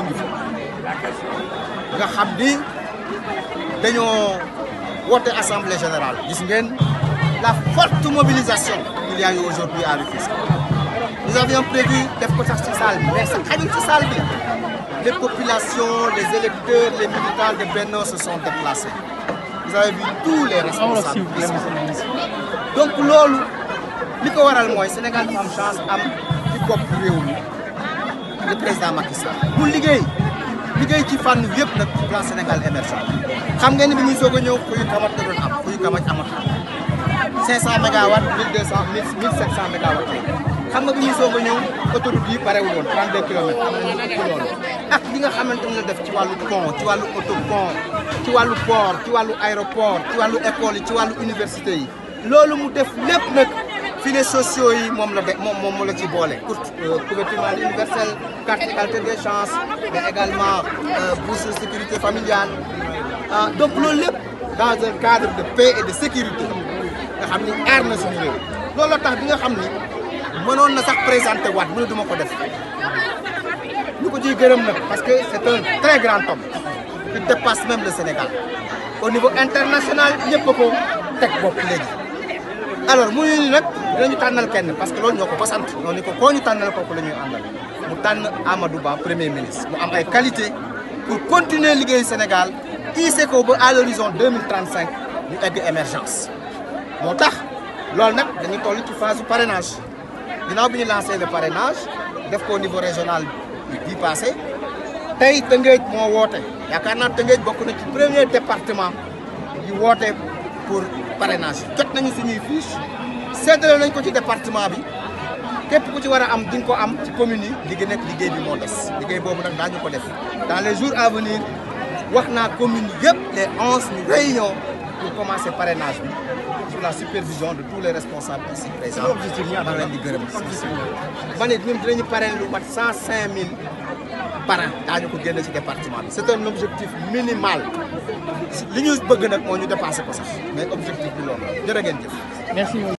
a ngi fi nga xam ni dañoo woote assemblée générale gis ngeen la forte y a eu aujourd'hui à nous avions prévu def ko sax ci salle bi mais sa xajul ci salle bi les populations les électeurs les militants de Benno se sont déplacés vous avez vu tous les responsables donc loolu li ko waral mooy Sénégal dafa am chance am ci bopp réew mi le président Macky Sall liggéey liggéey ci fànn yëpp nag ci plan Sénégal émergent xam nga ni bi muy soog a ñëw kuy kamat da doon am kuy kamat amatul 500 mégawatts 1200 1700 mégawatts xam nga bi ñuy soog a ñëw autoroute yi parewul woon 32 kilomètres am nañu ëpp loolu ak li nga xamante ne def ci wàllu pont ci wàllu auto pont ci wàllu port ci wàllu aéroport ci wàllu école yi ci wàllu université yi loolu mu def lépp nag filets sociaux yi moom la de moom moom la ci boole pour euh, couverture maladie universelle carte d'égalité des chances mais également euh, bourse de sécurité familiale ah, donc loolu lépp dans un cadre de paix et de sécurité nga xam ni aar na suñu réew looloo tax bi nga xam ni mënoon na sax présenté waat mu ne duma ko def ñu ko ciy gërëm nag parce que c'est un très grand homme qui dépasse même Sénégal au niveau international ñëpp a ko teg bopp léegi alors muy nag ñu tànnal kenn parce que loolu ñoo ko ko sant ñoo ni ko koo ñu tànnal kooku la ñuy àndal mu tànn Amadou Ba premier ministre mu am ay qualité pour continuer liggéey Sénégal tiise ko ba à l'horizon 2035 ñu egg émergence moo tax loolu nag dañuy toll ci phase parrainage bi ñu lancé le parrainage def ko au niveau régional bi passé tey Tëngéej moo woote yaakaar naa Tëngéej bokk na ci premier département yi woote pour parrainage jot nañu suñuy fiche séddale nañ ko ci département bi képp ku ci war a am di nga ko am ci commune yi li nekk liggéey bi moo des liggéey boobu nag ñu ko def dans les jours à venir wax naa commune yëpp les onze ñu réunion pour commencer parrainage bi sous la supervision de tous les responsables ici présents ma leen di gërëm ma ne ñun dinañu parrainer lu mat cent cinq mille parrain ko génne ci département bi c'est un objectif minimal li ñu bëgg nag moo ñu dépassé ko sax mais objectif bi loolu jërë ngeen